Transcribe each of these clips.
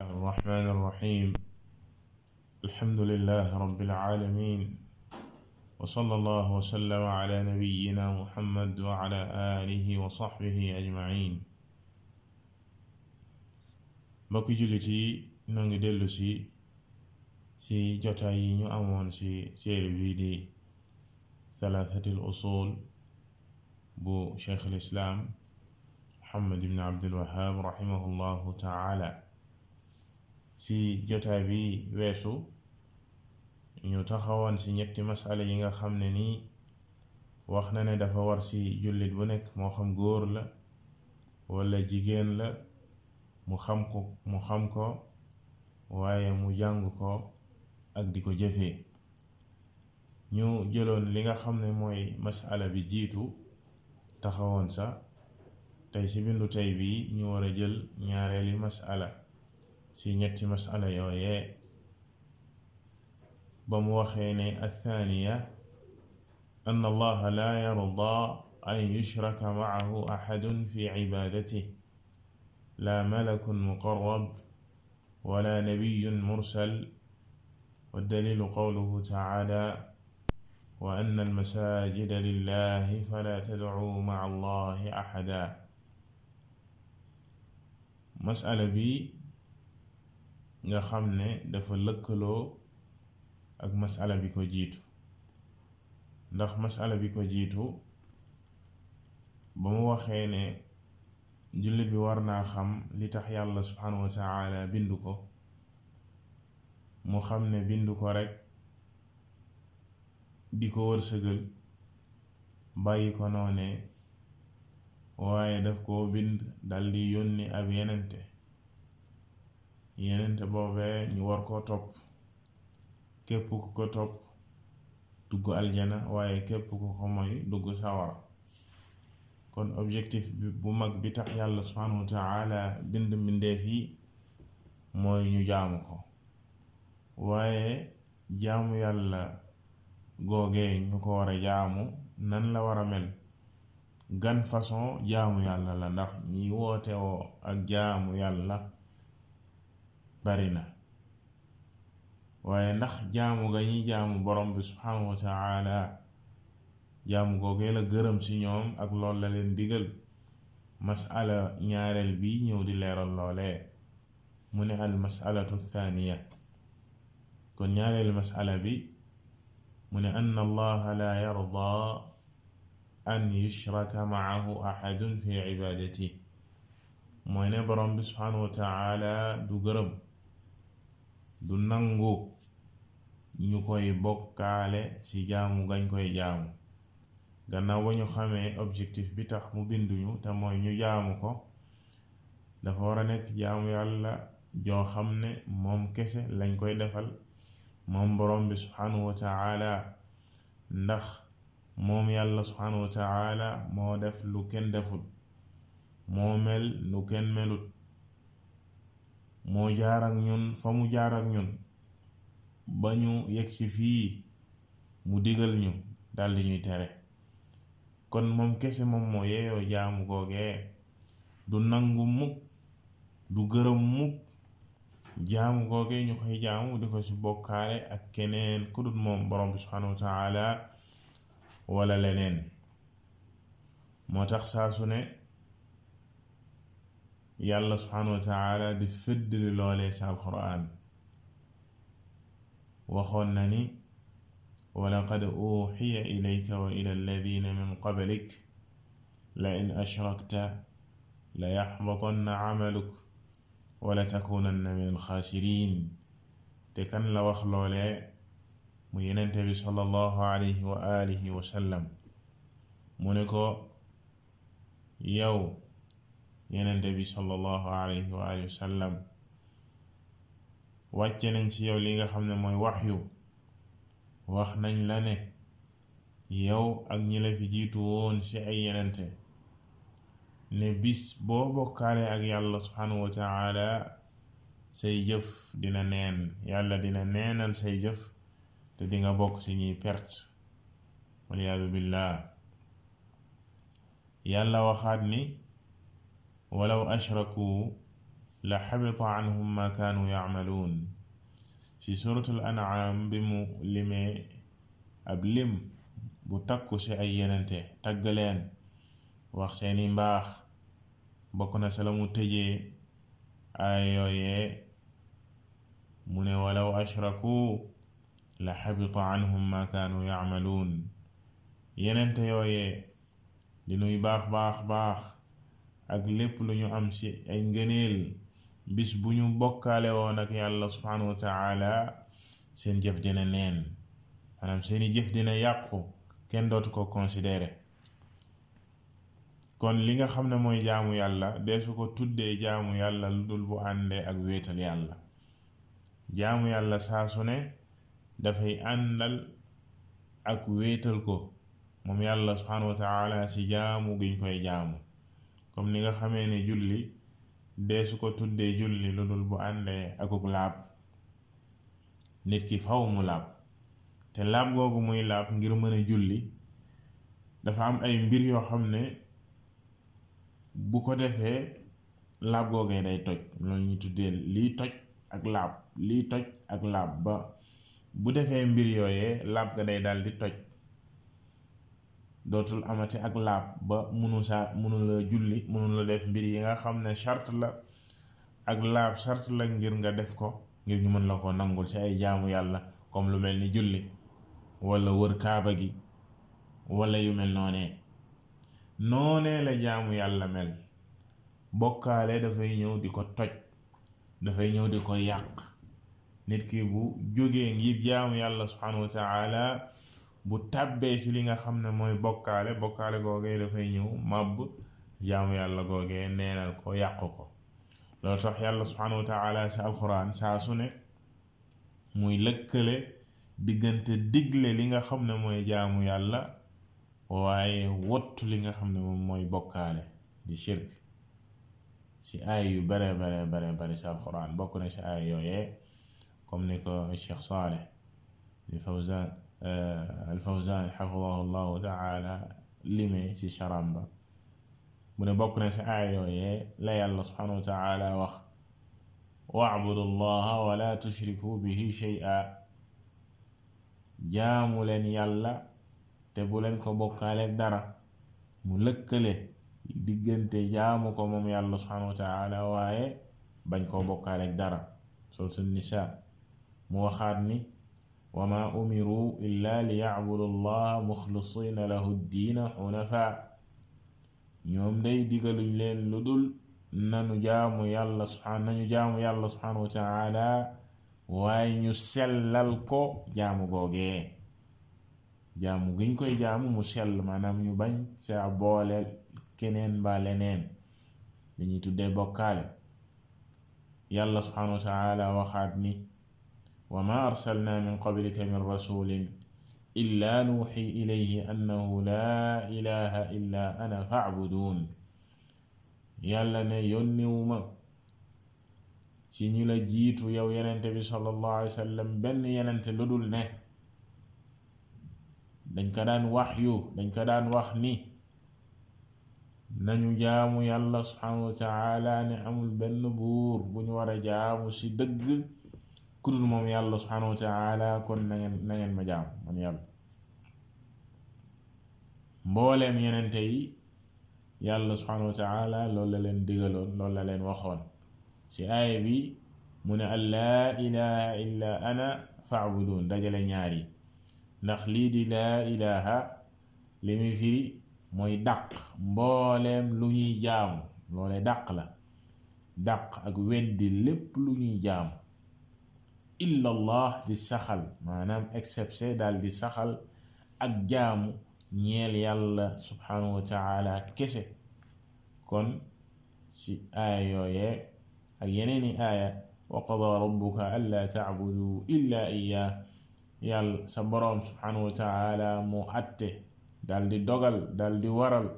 الرحمن الرحيم الحمد لله رب العالمين وصلى الله وسلم على نبينا محمد وعلى آله وصحبه أجمعين mbokki jullit yi noo ngi dellu si ci jotaay yi ñu amoon ci téere bii di thalathatil usul bu cheikh al islaam muhammad ibn abdul wahab rahimahullahu taala ci jotaay bi weesu ñu taxawoon ci ñetti masala yi nga xam ne nii wax na ne dafa war ci jullit bu nekk moo xam góor la walla jigéen la mu xam ko mu xam ko waaye mu jàng ko ak di ko jëfe ñu jëloon li nga xam ne mooy masala bi jiitu taxawoon sa tey ci bindu tey bii ñu war a jël ñaareeli masala ci ñetti masala yooyee ba mu waxee ne althaaniya an allaha laa yarda an yushraka macahu axadun fi cibaadati laa malakun muqarab wala nabiyun mursal waddalilu qawluhu tacaala wa anna almasaajida lillahi falaa tadcuu maca allahi axada masala bi nga xam ne dafa lëkkaloo ak masala bi ko jiitu ndax masala bi ko jiitu ba mu waxee ne jullit bi war naa xam li tax yàlla subhanahu wa taala bindu ko mu xam ne bindu ko rekk di ko wërsëgal bàyyi ko noonee waaye daf koo bind daldi yónni ab yenente yenente boobee ñu war koo topp képp ku ko topp dugg aljana waaye képp ku ko moy dugg sawara kon objectif bi bu mag bi tax yàlla subhanahu wa taala bind mbindeef yi mooy ñu jaamu ko waaye jaamu yàlla googee ñu ko war a jaamu nan la war a mel gan façon jaamu yàlla la ndax ñi wootewoo ak jaamu yàlla bari na waaye ndax jaamu nga ñuy jaamu borom bi subhanahu wa taala jaamu googee la gërëm ci ñoom ak lool la leen digal masala ñaareel bi ñëw di leeral loole mu ne al masalatu thaniya kon ñaareel masala bi mu ne ann allaha la yarda an yushraka maahu ahadun fi ibadati mooy ne borom bi subhanahu wa taala du gërëm du nangu ñu koy bokkaale ci jaamu gañ koy jaamu gannaaw ba ñu xamee objectif bi tax mu binduñu te mooy ñu jaamu ko dafa war a nekk jaamu yàlla joo xam ne moom kese lañ koy defal moom borom bi subhanahu wa ndax moom yàlla subhanahu wa moo def lu kenn deful moo mel lu kenn melut moo jaar ñun fa mu jaar ñun ba ñu yegsi fii mu digal ñu daldi ñuy tere kon moom kese moom moo yeeyoo jaamu googee du nangu mukk du gërëm mukk jaamu googee ñu koy jaamu di ko ci bokkaale ak keneen ku dul moom borom bi subhanahu wa taala leneen moo tax saa su ne yàlla subhaanahu wa taala di fëddali loolee ci alquraan waxoon na ni wa laqad uuxiya ilayka wa ila alladina min qablik la in ashrakta la yaxbatanna camaluk wala takunanna min alxaasiriin te kan la wax loolee mu yenente bi sallallahu alayhi wa alihi wa sallam mu ne ko yow yenente bi sallallahu alayhi wa alihi wa wàcce nañ ci yow li nga xam ne mooy wax waxyu wax nañ la ne yow ak ñi la fi jiitu woon ci ay yenente ne bis boo bokkaale ak yàlla subhanahu wa say jëf dina neen yàlla dina neenal say jëf te dinga bokk ci ñuy perte waliyaadu billah yàlla waxaat ni walaw ashrakuu la xabita anhum ma kaanu yacmaluun ci suratul an'am bi mu limee ab lim bu takku ci ay yenente taggaleen wax seeni mbaax bokk na sa la mu tëjee ay yooyee mu ne walaw ashrakuu la xabita anhum ma kaanu yacmaluun yenente yooyee li baax baax baax ak lépp lu ñu am ci ay ngëneel bis bu ñu bokkaale woon ak yàlla subhanahu wa seen jëf dina neen maanaam seeni jëf dina yàqu kenn dootu ko considéré kon li nga xam ne mooy jaamu yàlla deesu ko tuddee jaamu yàlla lu dul bu àndee ak wéetal yàlla jaamu yàlla saa su ne dafay àndal ak wéetal ko moom yàlla subhanahu ci jaamu giñ koy jaamu comme ni nga xamee ni julli deesu ko tuddee julli lu dul bu àndee akuk laab nit ki faw mu laab te laab googu muy laab ngir mën a julli dafa am ay mbir yoo xam ne bu ko defee laab googee day toj loolu ñu tuddee lii toj ak laab lii toj ak laab ba bu defee mbir yooyee laab ga day dal di toj dootul amati ak laab ba munu saa munu la julli munu la def mbir yi nga xam ne chart la ak laab chart la ngir nga def ko ngir ñu mën la ko nangul si ay jaamu yàlla comme lu mel ni julli walla wër kaaba gi wala yu mel noonee noonee la jaamu yàlla mel bokkaale dafay ñëw di ko toj dafay ñëw di ko yàq nit ki bu jógee ngir jaamu yàlla subhanahu wa bu tàbbee si li nga xam ne mooy bokkaale bokkaale googee dafay ñëw màbb jaamu yàlla googee neenal ko yàq ko loolu tax yàlla subhanahu wa taala alxuraan saa su ne muy lëkkale diggante digle li nga xam ne mooy jaamu yàlla waaye wottu li nga xam ne moom mooy bokkaale di shirk ci ay yu bare bare bare bare ci alxuraan bokk na si ay yooyee comme ni ko Cheikh Saleh di alfawzaan xafidahu llahu taala limee ci charamba mu ne bokk na ci aaya la yàlla subhanahu wa taala wax wacbudu allaha tushriku bihi shay'a jaamu leen yàlla te bu leen ko bokkaaleeg dara mu lëkkale diggante jaamu ko moom yàlla subhanahu wa taala waaye bañ koo bokkaaleeg dara suratul nisa mu waxaat ni wama umiru illa li yacbudu allaha muxlisiina lahu ddiina xunafaa ñoom day digaluñ leen lu dul nanu jaamu yàlla subhaan nañu jaamu yàlla subhaanahu wa waaye ñu sellal ko jaamu googee jaamu giñ koy jaamu mu sell maanaam ñu bañ sa boole keneen ba leneen dañuy tuddee bokkaale yàlla subhaanahu wa waxaat ni wa ma arsalna min qablika min rasulin illa nuuxi ilayhi annahu laa ilaha illa ana faabudun yàlla ne yónniwuma ci ñi la jiitu yow yenente bi sallallahu alayhi wa benn yenente lu dul ne dañ ko daan wax yu dañ ko daan wax ni nañu jaamu yàlla subhanahu wa ne amul benn buur bu ñu war a jaamu ci dëgg kudul moom yàlla subhaanahu wa kon na nangeen ma jaam man yàlla mbooleem yenente yi yàlla subhaanahu wa taala la leen digaloon loolu la leen waxoon ci aaya bi mu ne an laa ilaha illa ana faabudun dajale ñaar yi ndax lii di laa ilaha li muy firi mooy dàq mbooleem lu ñuy jaamu loolee dàq la dàq ak weddi lépp lu ñuy jaamu illallah di saxal maanaam excepté dal di saxal ak jaamu ñeel yàlla subhanahu wa kese kon ci aaya ak yeneeni i aaya wa qada rabbuka alla taabudu illa iyaa yàlla sa boroom subhanahu wa taala atte daal di dogal daal di waral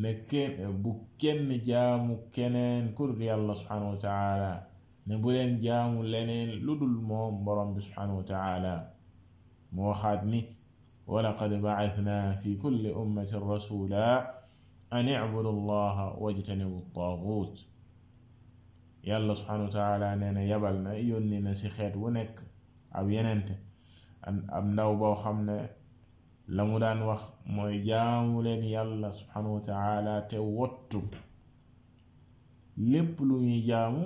ne kenn bu kenn jaamu keneen kur yàlla subhanahu wa ne bu leen jaamu leneen lu dul moom borom bi subhanahu wa taala mu waxaat ni wala laqad ba'athna fi kulli ummatin rasula an i'budu allaha wajtanibu taaguut yàlla subhanahu wa taala nee na yabal na yónni na ci xeet wu nekk ab yenent ab ndaw boo xam ne la mu daan wax mooy jaamu leen yàlla subhanahu wa taala te wottu lépp lu ñuy jaamu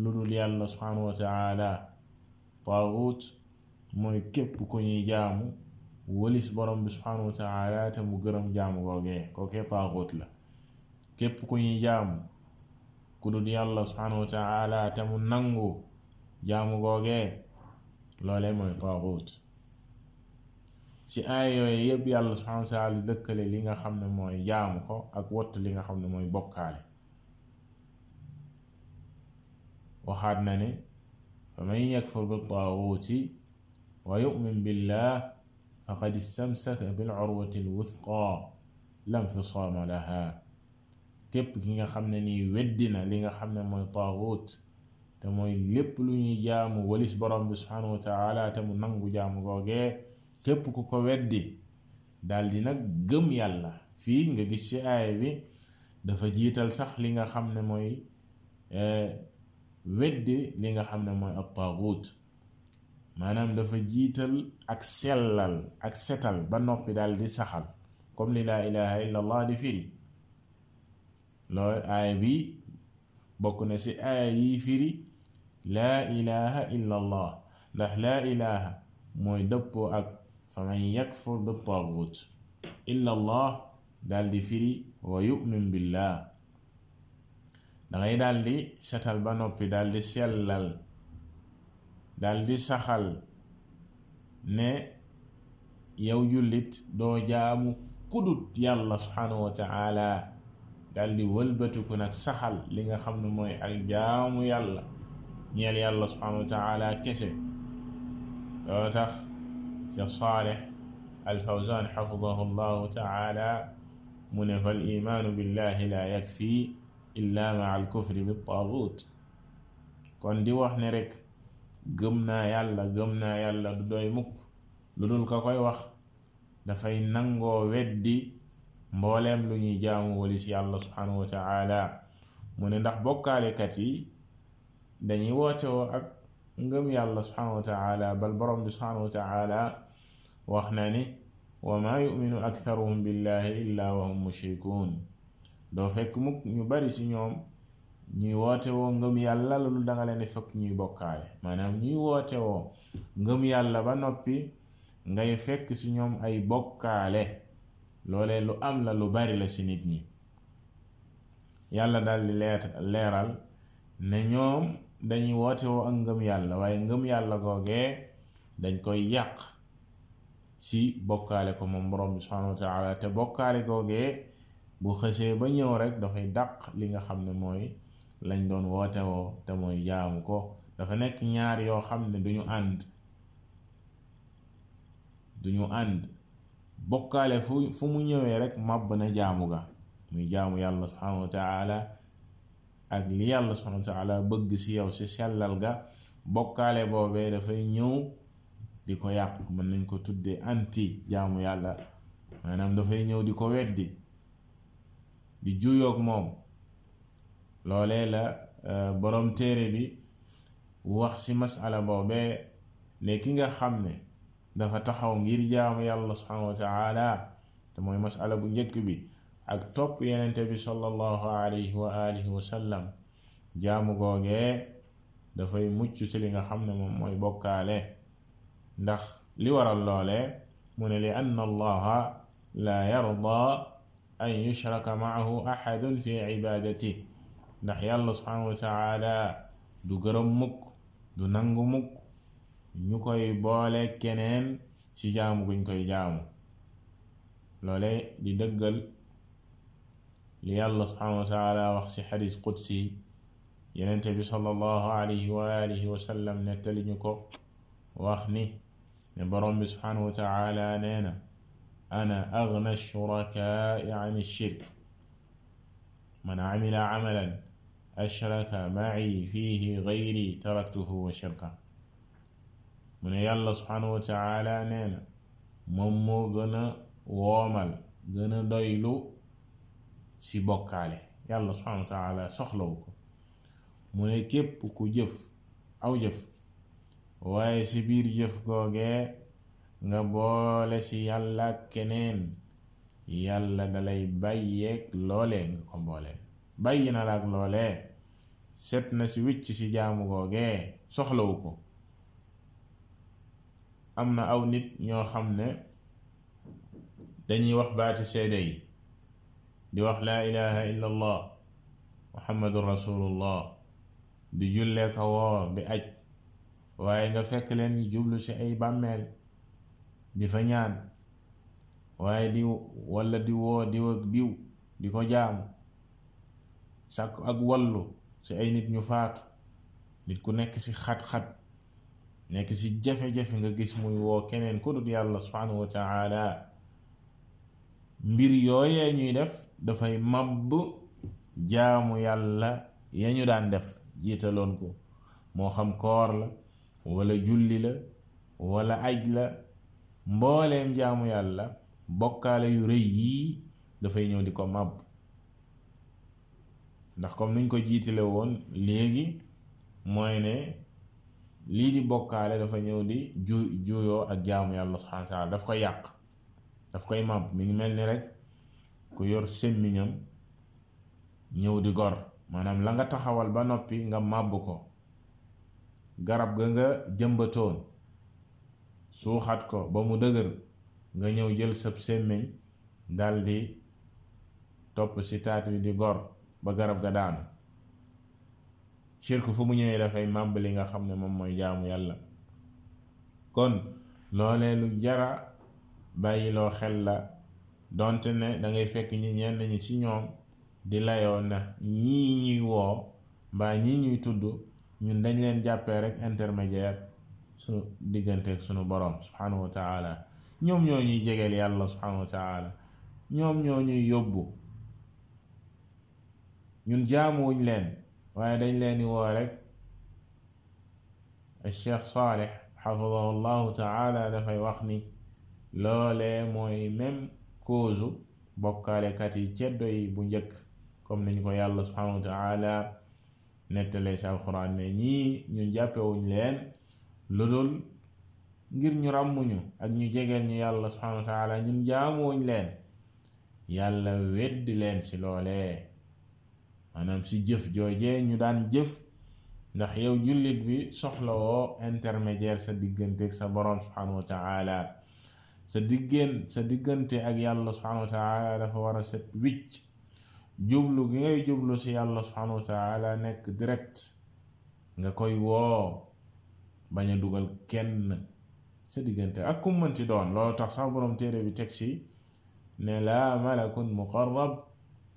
lu dul yàlla subhaanahu wa taala mooy képp ku ñuy jaamu walis borom bi subhaanahu wa te mu gërëm jaamu googee kookee taaxut la képp ku ñuy jaamu ku dul yàlla subhaanahu wa te mu nangu jaamu googee loole mooy taaxut ci aay yooyu yëpp yàlla subhaanahu wa taala lëkkale li nga xam ne mooy jaamu ko ak wott li nga xam ne mooy bokkaale waxaat na ne fa man yakfur bi taaguuti wa yu'min billah faqad istamsaka bil urwati al wuthqa la infisaama laha képp ki nga xam ne nii weddi na li nga xam ne mooy taaguut te mooy lépp lu ñuy jaamu walis borom bi subhaanahu te mu nangu jaamu googee képp ku ko weddi daldi nag gëm yàlla fii nga gis ci aaya bi dafa jiital sax li nga xam ne mooy eh, weddi li nga xam ne mooy ab taaguut maanaam dafa jiital ak sellal ak setal ba noppi daal di saxal comme li laa ilaha illa allah di firi loolu aaya bi bokk na ci aaya yi firi laa ilaha illa ndax laa ilaha mooy dëppoo ak fa man yakfur bi taaguut illa allah di firi wa yu'min dangay daldi setal ba noppi daal di sellal daal saxal ne yow jullit doo jaamu kudut yàlla subhaanahu wa taala daal nag saxal li nga xam ne mooy ak jaamu yàlla ñeel yàlla subhaanahu wa kese loolu tax ca Saalih Al-Fawzaan xafidahu llahu taala mu ne fal imaanu billahi la yakfi illa maa al kufri bi taagut kon di wax ne rek gëm naa yàlla gëm naa yàlla du doy mukk lu dul ko koy wax dafay nangoo weddi mbooleem lu ñuy jaamu walis yàlla subhanahu wa ne ndax bokkaalekat yi dañuy woote ak ngëm yàlla subhanahu wa taala bal borom bi subhanahu wa taala wax na ni wa maa yuminu aktharuhum billahi illa wa hum mushrikuun doo fekk mukk ñu bari ci ñoom ñuy woote woo ngëm yàlla loolu danga leen di fekk ñuy bokkaale maanaam ñuy woote woo ngëm yàlla ba noppi ngay fekk ci ñoom ay bokkaale loolee lu am la lu bari la ci nit ñi yàlla daal di leer leeral ne ñoom dañuy woote woo ak ngëm yàlla waaye ngëm yàlla googee dañ koy yàq ci bokkaale ko moom borom bi subhanahu wa taala te bokkaale googee bu xësee ba ñëw rek dafay dàq li nga xam ne mooy lañ doon wootewoo te mooy jaamu ko dafa nekk ñaar yoo xam ne duñu ànd duñu ànd bokkaale fu fu mu ñëwee rek màbb na jaamu ga muy jaamu yàlla subhanahu wa taala ak li yàlla subhanahu wa taala bëgg ci yow si sellal ga bokkaale boobee dafay ñëw di ko yàq mën nañ ko tuddee anti jaamu yàlla maanaam dafay ñëw di ko weddi di juyoog moom loole la euh, boroom téere bi wax ci masala boobee ne nga xam ne dafa taxaw ngir jaamu yàlla subhanahu wa taala te mooy masala bu njëkk bi ak topp yenente bi sallallahu alayhi wa alihi jaamu googee dafay mucc ci li nga xam ne moom mooy bokkaale ndax li waral loolee mu ne li anna allaha la yarda an yushraka maahu ahadun fi ibaadati ndax yàlla subhanahu wa du gërëm mukk du nangu mukk ñu koy boole keneen ci jaamu guñ koy jaamu loole di dëggal li yàlla subhanahu wa taala xadis qudsi yenente bi sallallahu ko wax ni ne borom bi subhanahu wa na ana agna shurakaai an shirk man amila amalan ashraka maci fihi gayri taraktuhu wa shirka mu ne yàlla subhaanahu wa taala nee na moom moo gën a woomal gën a doylu ci bokkaale yàlla subhaanahu wa taala soxlawu ko mu ne képp ku jëf aw jëf waaye ci biir jëf googee nga boole ci yàlla ak keneen yàlla dalay bàyyeeg loolee nga ko boole bàyyi na la ak loolee set na ci wicc ci jaamu googee soxlawu ko am na aw nit ñoo xam ne dañuy wax baati seede yi di wax laa ilaha illa muhammadu rasulullah di jullee ko woor di aj waaye nga fekk leen ñu jublu ci ay bàmmeel di fa ñaan waaye di walla di woo diw ak diw di ko jaamu sàkk ak wallu ci ay nit ñu faatu nit ku nekk ci xat-xat nekk ci jafe-jafe nga gis muy woo keneen ku dul yàlla subhanahu wa mbir yooyee ñuy def dafay màbb jaamu yàlla ya ñu daan def jiitaloon ko moo xam koor la wala julli la wala aj la mbooleem jaamu yàlla bokkaale yu rëy yii dafay ñëw di ko màbb ndax comme nuñ ko jiitale woon léegi mooy ne lii di bokkaale dafa ñëw di ju juyoo ak jaamu yàlla subhaanahu wa taala daf koy yàq daf koy màbb mi ngi mel ni rek ku yor semmiñam ñëw di gor maanaam la nga taxawal ba noppi nga màbb ko garab ga nga jëmbatoon suuxat ko ba mu dëgër nga ñëw jël sab semmiñ daldi topp ci taat wi di gor ba garab ga daanu shirk fu mu ñëwee dafay màbb li nga xam ne moom mooy jaamu yàlla kon loolee lu jara bàyyiloo xel la donte ne dangay fekk ñi ñenn ñi ci ñoom di layoo na ñii ñuy woo mbaa ñii ñuy tudd ñun dañ leen jàppee rek intermédiaire sunu digganteeg sunu boroom subhanahu wa taala ñoom ñoo ñuy jegeel yàlla subhanahu wa taala ñoom ñoo ñuy yóbbu ñun jaamuwuñ leen waaye dañ leen di woo rek cheikh saalix xafidahu llahu taala dafay wax ni loole mooy même cause bokkaalekat yi ceddo yi bu njëkk comme nañ ko yàlla subhanahu wa taala nettalee ci alquran ne ñii ñun jàppewuñ leen lu dul ngir ñu ràmmuñu ak ñu jegeel ñu yàlla subhaanahu wa taala ñun jaamuwuñ leen yàlla weddi leen ci loolee maanaam si jëf joojee ñu daan jëf ndax yow jullit bi soxlawoo intermédiaire sa diggante ak sa boroom subhaanahu wa sa diggéen diggante ak yàlla subhaanahu wa dafa war a set wicc jublu gi ngay jublu ci yàlla subhaanahu wa nekk direct nga koy woo bañ a dugal kenn sa diggante ak kum mën ci doon loo tax sax boroom téere bi teg ci ne laa malakun muqarrab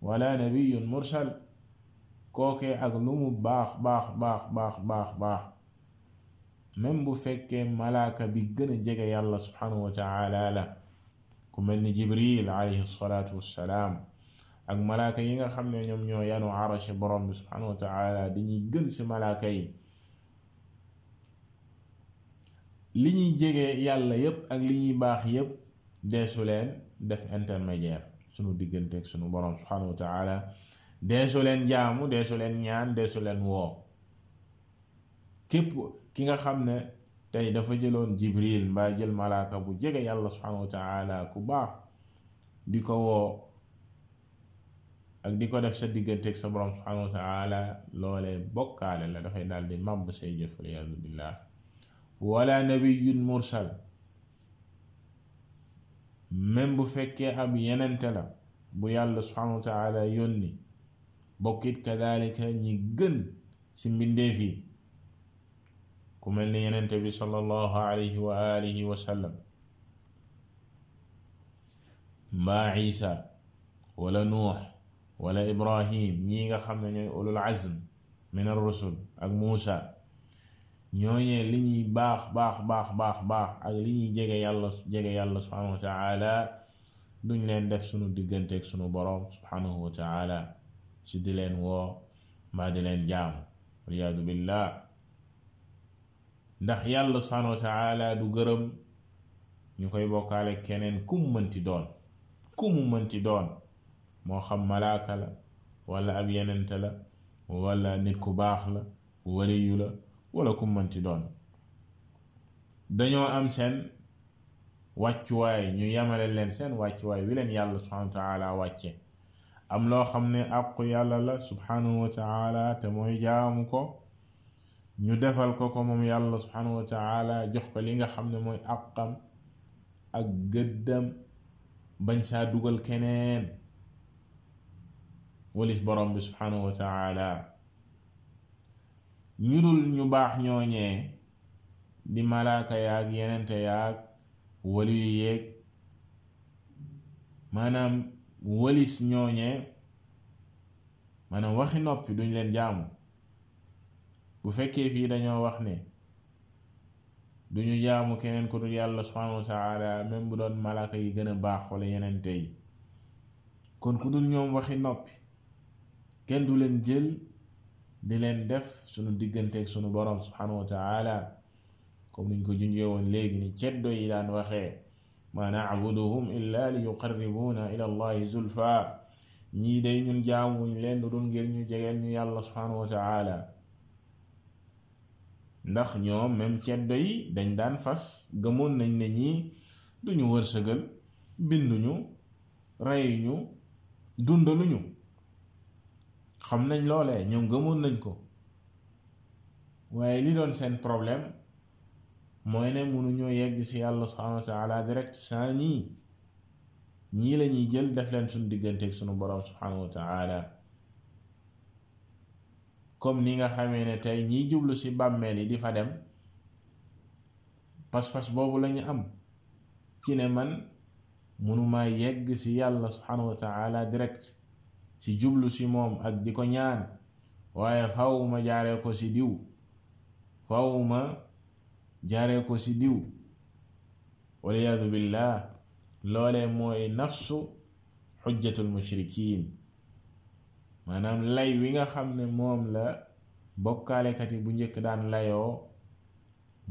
wala nabiyun mursal kookee ak lu mu baax baax baax baax baax baax même bu fekkee malaaka bi gën a jege yàlla subhanahu wa taala mel ni jibril alayhi salaatu wassalaam ak malaaka yi nga xam ne ñoom ñoo yanu arashi borom bi subhanahu wa taala gën si malaaka yi li ñuy jege yàlla yépp ak li ñuy baax yépp deesu leen def intermédiaire sunu diggante ak sunu borom subhanahu wa taala deesu leen jaamu deesu leen ñaan deesu leen woo képp ki nga xam ne tey dafa jëloon jibril mbaa jël malaaka bu jege yàlla subhanahu wa ku baax di ko woo ak di ko def sa diggante ak sa borom subhanahu wa taala bokkaale la dafay daal di màbb say jëf waliyasu billah wala nabiyun mursal même bu fekkee ab yenente la bu yàlla subhanahu wa taala yónni bokkit kadalika ñi gën ci mbindeef yi ku mel ni yenente bi sallallahu alayhi wa alihi wa sallam mbaa isa wala nuux wala ibrahim ñi nga xam ne ñooy ulul azm min ar rusul ak muusa ñooñee li ñuy baax baax baax baax baax ak li ñuy jege yàlla jege yàlla subhanahu wa taala duñ leen def sunu digganteeg sunu boroom subhanahu wa taala ci di leen woo mbaa di leen jaamu riyaadu billah ndax yàlla subhanahu wa du gërëm ñu koy bokkaale keneen ku mu mënti doon ku mu mënti doon moo xam malaaka la wala ab yenent la wala nit ku baax la waliyu la wala ku mënti doon dañoo am seen wàccuwaay ñu yemale leen seen wàccuwaay wi leen yàlla subhanahu wa wàcce am loo xam ne àqu yàlla la subhanahu wa mooy jaamu ko ñu defal ko ko moom yàlla subhanahu wa jox ko li nga xam ne mooy àqam ak gëddam bañ saa dugal keneen walis borom bi subhanahu wa yurul ñu baax ñooñee di malaaka ak yenente yaag wali yu yeeg maanaam walis ñooñee maanaam waxi noppi duñ leen jaamu bu fekkee fii dañoo wax ne duñu jaamu keneen ku dul yàlla subhanahu wa taala bu doon malaaka yi gën a baax wala yenente yi kon ku dul ñoom waxi noppi kenn du leen jël di leen def sunu digganteeg sunu borom subhanahu wa comme niñ ko junjee woon léegi ni ceddo yi daan waxee ma na'buduhum illa li yuqarribuna ila allahi zulfa ñii day ñun jaamuñ leen du dul ngir ñu jegeen ñu yàlla subhanahu wa ndax ñoom même ceddo yi dañ daan fas gëmoon nañ ne ñii duñu wërsëgal binduñu reyuñu dundaluñu xam nañ loole ñoom gëmoon nañ ko waaye li doon seen problème mooy ne mënuñoo yegg ci yàlla subhanahu wa taala direct sans ñii ñii la jël def leen suñu digganteeg suñu borom subhanahu wa comme ni nga xamee ne tey ñiy jublu ci bàmmeel yi di fa dem pas-pas boobu lañu am ci ne man mënumaa yegg ci yàlla subhanahu wa taala direct ci jublu si moom ak di ko ñaan waaye faw ma jaaree ko ci diw fawuma jaaree ko ci diw waliyaadu billah loolee mooy nafsu xujjatul mushrikiin maanaam lay wi nga xam ne moom la bokkaalekat yi bu njëkk daan layoo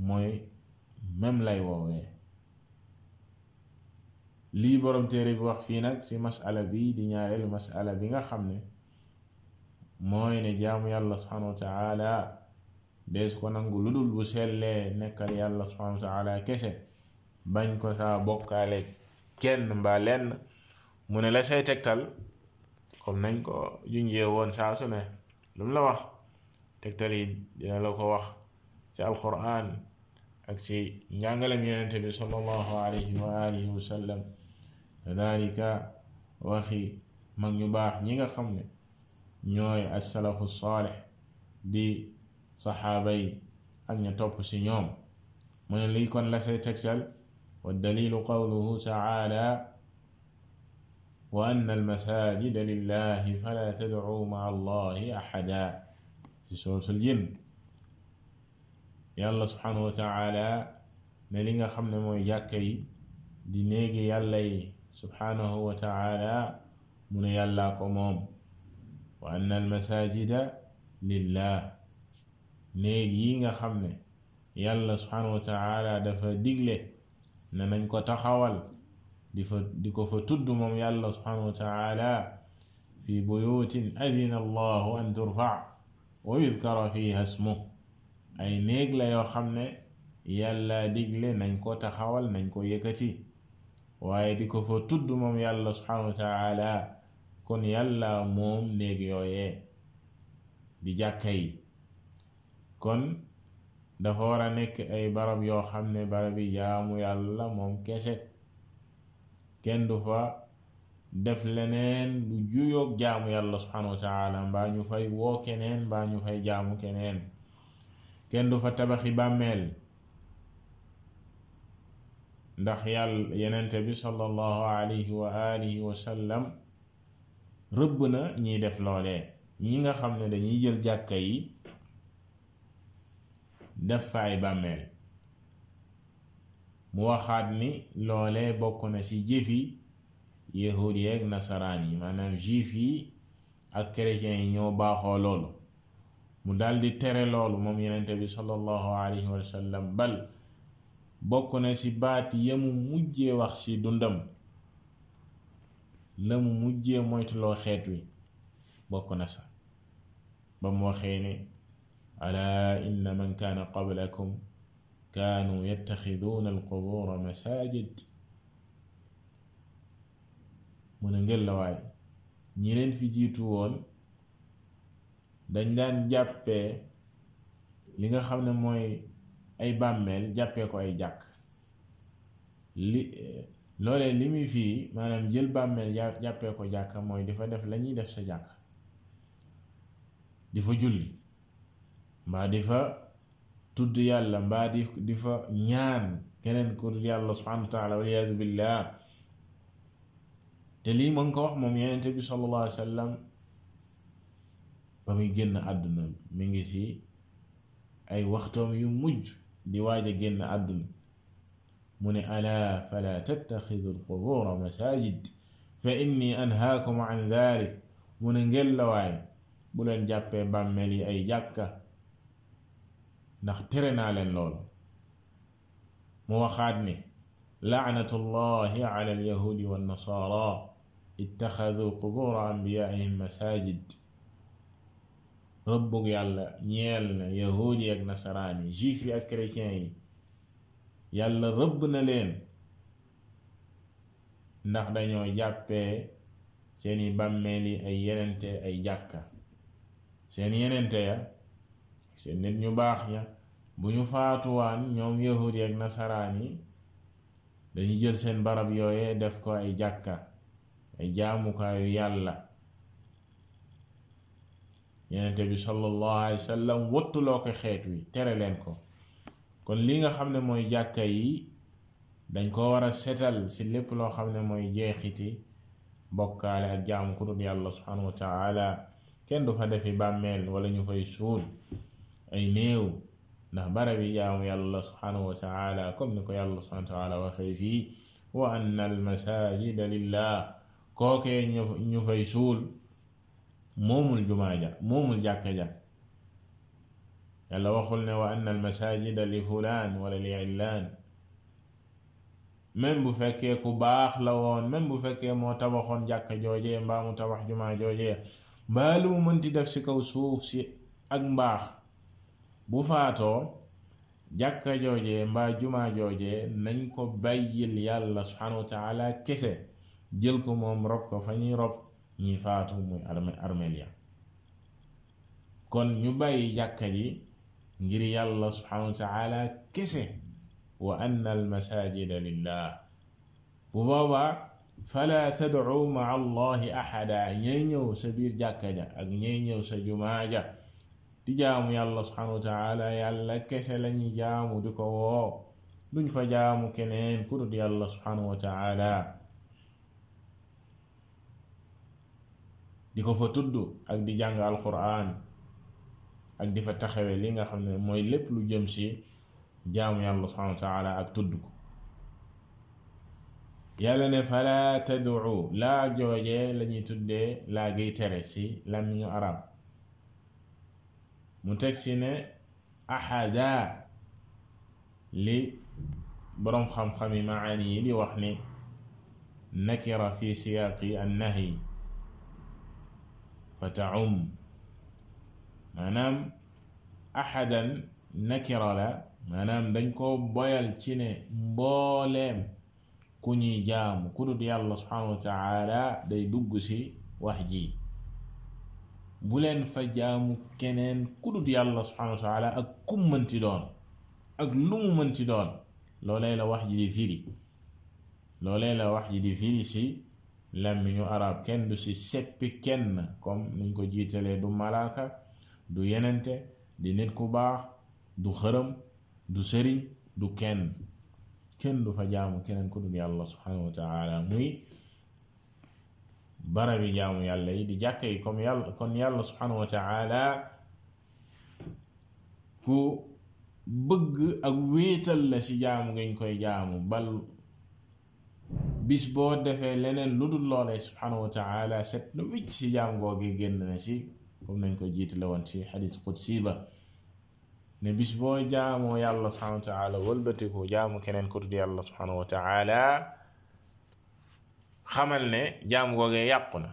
mooy même lay woowee lii borom téere bi wax fii nag ci masala bi di ñaareelu masala bi nga xam ne mooy ne jaamu yàlla subhanahu wa ko nangu lu dul bu sellee nekkal yàlla subhanahu wa kese bañ ko saa bokkaale kenn mbaa mu ne la say tegtal comme nañ ko junjee woon saa su lu mu la wax tegtal yi dina la ko wax ci alquran ak ci njàngalem yonente bi sallallahu alayhi wa alihi dalika waxi mag ñu baax ñi nga xam ne ñooy as-salafu saalih di saxaaba yi ak ña topp ci ñoom mu ne lii kon la say tegtal wa dalilu qawluhu taala wa anna almasajida lillahi fala tad'u ma'a allahi ahada ci sootul jinn yàlla subhanahu wa taala ne li nga xam ne mooy jàkka yi di néegi yàlla subhanahu wa taala mu ne yàllaa ko moom wa anna al lillah néeg yi nga xam ne yàlla subhanahu wa taala dafa digle ne nañ ko taxawal di fa di ko fa tudd moom yàlla subhanahu wa taala fi buyutin adina allahu an turfa wa yudkara fiha ismu ay néeg la yoo xam ne yàlla digle nañ ko taxawal nañ ko yëkkati waaye di ko fa tudd moom yàlla subhanahu wa kon yàlla moom néeg yooyee di jàkka yi kon dafa war a nekk ay barab yoo xam ne barabi jaamu yàlla moom kese kenn du fa def leneen lu juyoog jaamu yàlla subhanahu wa mbaa ñu fay woo keneen mbaa ñu fay jaamu keneen kenn du fa tabaxi bàmmeel ndax yàlla yenent bi sallallahu alayhi wa alihi wa sallam rëbb na ñiy def loole ñi nga xam ne dañuy jël jàkka yi def fa ay bàmmeel mu waxaat ni loole bokk na ci jëfi yahud yeeg nasaraan yi maanaam juif yi ak chrétiens yi ñoo baaxoo loolu mu daldi tere loolu moom yenente bi sallallahu alayhi wa sallam bal bokk na ci baat yamu mujjee wax ci dundam la mu mujjee moytuloo xeet wi bokk na sa ba mu waxee ne alaa inna man kaana qablakum kaanu yattaxiduuna alqubuura masaajid mu ne ngel la waay ñi leen fi jiitu woon dañ daan jàppee li nga xam ne mooy ay bàmmeel jàppee ko ay jàkk li loolee li muy fii maanaam jël bàmmeel jàppee ko jàkk mooy di fa def lañuy def sa jàkk di fa julli mbaa di fa tudd yàlla mbaa di di fa ñaan keneen ku yàlla subhanahu wa taala waliyaadu te lii mën ko wax moom yonente bi sallallahu alayhi ba muy génn àdduna mi ngi ci ay waxtoom yu mujj di waaj a génn àdduna mu ne alaa falaa tattaxidu alqubuura masaajid fa inni anhaakum an dalik mu ne ngeen la waay bu leen jàppee bàmmeel yi ay jàkka ndax tere naa leen lool mu waxaat ne laanatu llahi ala alyahuudi wannasaara ittaxaduu qubuura anbiyaihim masaajid rëbbug yàlla ñeel na yahuud ak nasaraan yi juif yi ak chrétien yi yàlla rëbb na leen ndax dañoo jàppee seeni bàmmeel yi ay yenente ay jàkka seen yenente ya seen nit ñu baax ña bu ñu faatuwaan ñoom yahuud ak nasaraan yi dañu jël seen barab yooyee def ko ay jàkka ay jaamukaayu yàlla yenente bi sallallahu alayhi wa sallam ko xeet wi tere leen ko kon lii nga xam ne mooy jàkka yi dañ ko war a setal si lépp loo xam ne mooy jeexiti bokkaale ak jaamu ku dul yàlla subhanahu kenn du fa defi bàmmeel wala ñu fay suul ay néew ndax barab yi jaamu yàlla subhanahu wa taala comme ni ko yàlla subhanahu wa waxee fii wa anna al masajida lillah kookee ñu fay suul moomul jumaa ja moomul jàkka ja yàlla waxul ne wa anna al masajida li fulaan wala li illaan même bu fekkee ku baax la woon même bu fekkee moo tabaxoon jàkka joojee mbaa mu tabax jumaa joojee mbaa lu mu mënti def ci kaw suuf si ak mbaax bu faatoo jàkka joojee mbaa jumaa joojee nañ ko bàyyil yàlla subhanahu wa kese jël ko moom rob ko fa ñuy rob ñi faatu muy armeel ya kon ñu bàyyi jàkka ji ngir yàlla subhanahu wa kese wa anna al masajida bu boobaa fala tadcu maa allahi axada ñay ñëw sa biir jàkka ja ak ñay ñëw sa jumaa ja di jaamu yàlla subhanahu wa yàlla kese lañuy jaamu di ko woo duñ fa jaamu keneen ku dut yàlla subhanahu wa taala di ko fa tudd ak di jàng alquran ak di fa taxawee li nga xam ne mooy lépp lu jëm ci jaamu yàlla subhanahu wa ak tudd ko yàlla ne fala tad'u laa joojee la tuddee laa giy tere ci làmmiñu arab mu teg ci ne ahada li boroom xam-xami maani yi di wax ni nakira fi siyaaqi an nahyi fa taum maanaam ahadan nakira la maanaam dañ koo boyal ci ne mbooleem ku ñuy jaamu ku dut yàlla subhanahu wa taala day dugg ci wax ji buleen fa jaamu keneen ku dut yàlla subhanahu wa taala ak kum mënti doon ak lu mu doon loolee la wax ji di firi loolee la wax ji di firi ci làmmiñu arab kenn du ci seppi kenn comme niñ ko jiitalee du malaaka du yenente di nit ku baax du xërëm du sëri du kenn kenn du fa jaamu keneen ku dul yàlla subhanahu wa yàlla di jàkka yi comme kon yàlla subhanahu wa taala ku bëgg ak wéetal la ci jaamu ngañ koy jaamu bis boo defee leneen lu dul loolee subhanahu wa taala set na wicc si jaam googi génn na si comme nañ ko jiit la woon ci xadis qudsi ba ne bis boo jaamoo yàlla subhanahu wa wëlbatiku jaamu keneen ku tudd yàlla subhanahu xamal ne jaam googee yàqu na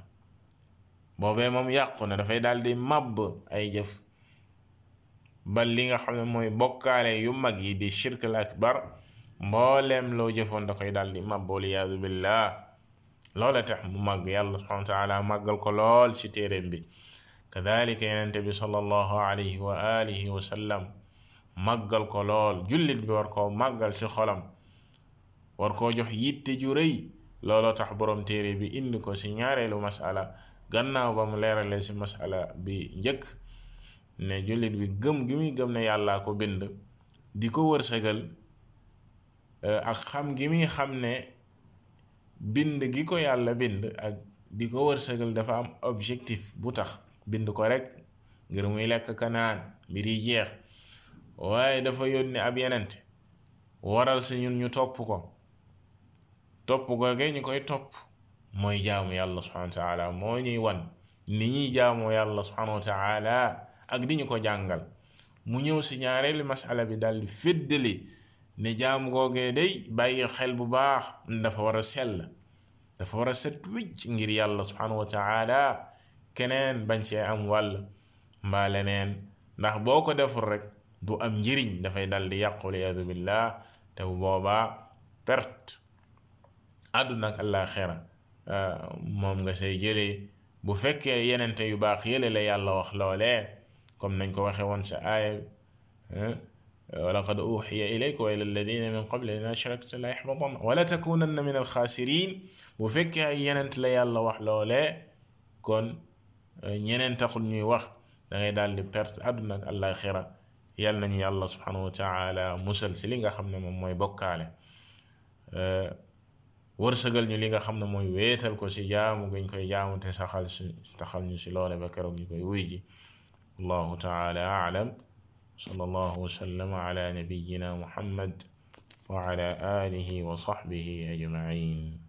boobee moom yàqu na dafay daal di màbb ay jëf ba li nga xam ne mooy bokkaale yu mag yi di shirk al akbar mbooleem loo jëfoon da koy daal di mab waliyaadu billah tax mu màgg yàlla subhanahu wa taala màggal ko lool ci téeréem bi kadalika yenente ko lool jullit bi war koo màggal ci xolam war koo jox yitte ju rëy looloo tax borom téere bi indi ko ci ñaareelu masala gannaaw ba mu leeralee ci masala bi njëkk ne jullit bi gëm gi muy gëm ne yàllaa ko bind di ko wërsëgal Euh, ak xam gi muy xam ne bind gi ko yàlla bind ak di ko wërsëgal dafa am objectif bu tax bind ko rek ngir muy lekk kanaan mbir yi jeex waaye dafa yónni ab yenente waral si ñun ñu topp ko topp ko googe ñu koy topp mooy jaamu yàlla subhanahu wa moo ñuy wan ni ñuy jaamoo yàlla subhanahu wa taala ak di ñu ko jàngal mu ñëw si ñaareelu masala bi daal di féddali ni jaamu googee day bàyyi xel bu baax dafa war a sell dafa war a set wicc ngir yàlla subhanahu wa taala keneen bañ see am wàll mbaa leneen ndax boo ko deful rek du am njëriñ dafay dal di yàqu liyaadu billah te bu boobaa perte ah, moom nga say jëlee bu fekkee yenente yu baax yële la yàlla wax loole comme nañ ko waxee woon sa aaya ah, walaqad uxiya ilayka wa ila alladina min qabli in ashrakta la yaxbatanna wala takunanna min alxaasirin bu fekkee ay yenent la yàlla wax loolee kon eh, ñeneen taxul ñuy wax da ngay daal di perte àdduna ak àllaaxira yàlla nañu yàlla subhanahu wa taala musal si li nga xam ne moom mooy bokkaale eh, wërsëgal ñu li nga xam ne mooy wéetal ko si jaamu giñ koy jaamu te saxal si taxal ñu si loole ba keroog ñu koy wuy ji wallahu taala alam sallallahu wasallam ala nabiyina muhammad wa ala alihi wa sahbihi ajmain